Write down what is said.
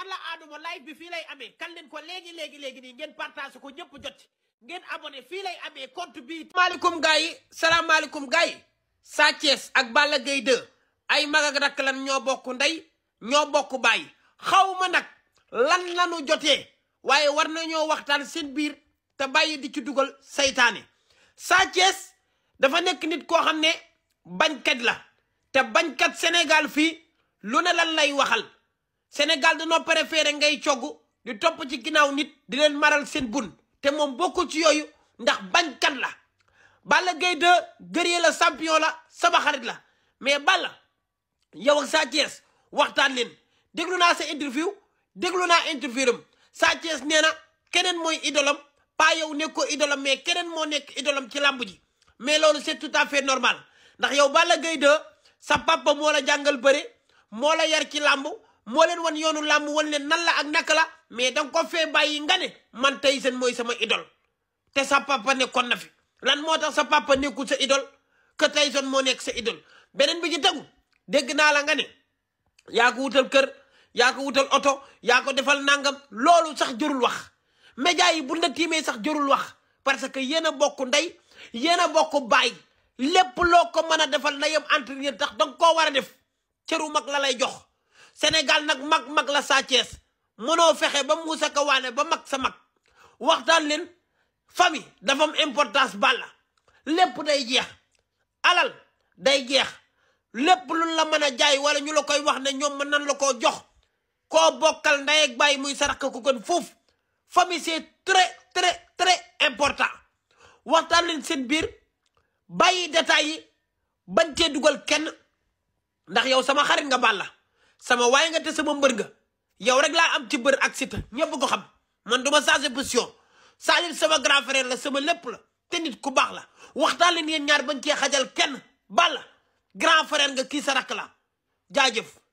alla aaduma live bi fii lay amee kan leen ko léegi léegi léegi nii ngeen partage ko ñëpp jot ngeen abonné fii lay amee compte bi maaleykum gars yi salaamaaleykum gars yi ak Balla Gaye 2 ay mag ak rakk lan ñoo bokk ndey ñoo bokk baay xaw ma nag lan lanu jotee waaye war ñoo waxtaan seen biir te bàyyi di ci dugal saytaane Sa dafa nekk nit koo xam ne bañkat la te bañkat Sénégal fii lu ne lan lay waxal Sénégal danoo préféré ngay coggu di topp ci ginnaaw nit di leen maral seen bun te moom bokkul ci yooyu ndax bañ kan la Balla Gaye 2 guerrier la champion la sama xarit la mais Balla yow ak Sa Thiès waxtaan leen déglu naa sa interview déglu naa interview am Sa Thiès nee keneen mooy idolam pas yow nekkoo idolam mais keneen moo nekk idolam ci làmb ji mais loolu c'est tout à fait normal ndax yow Balla Gaye 2 sa papa moo la jàngal bëre moo la yar ci làmb moo leen wan yoonu làmb wan leen nan la ak naka la mais danga ko fee bàyyi nga ne man tey seen mooy sama idole te sa papa nekkoon na fi lan moo tax sa papa nekkul sa idole que Tyson moo nekk sa idole beneen bi ci tegu dégg naa la nga ne yaa ko wutal kër yaa ko wutal oto yaa ko defal nangam loolu sax jërul wax média yi bu la tiimee sax jërul wax parce que yéen a bokk ndey yéen a bokk baay lépp loo ko mën a defal na yem entretien tax danga koo war a def cëru mag la lay jox Sénégal nag mag mag la Sa Thiès mënoo fexe ba Moussa Kawaane ba mag sa mag waxtaan leen famille dafa am importance Balla lépp day jeex alal day jeex lépp luñ la mën a jaay wala ñu la koy wax ne ñoom mën nan la koo jox ko bokkal ndey ak bàyyi muy sarax ko kon foofu famille c'est très très très important waxtaan leen seen biir bàyyi détails yi bañ cee dugal kenn ndax yow sama xarit nga Balla sama waay nga te sama mbër nga yow rek laa am ci bër ak Siteu ñëpp ko xam man du ma changé position Salim sama grand frère la sama lépp la te nit ku baax la waxtaan leen yéen ñaar bañ cee xajal kenn balla grand frère nga kii sa rakk la jaajëf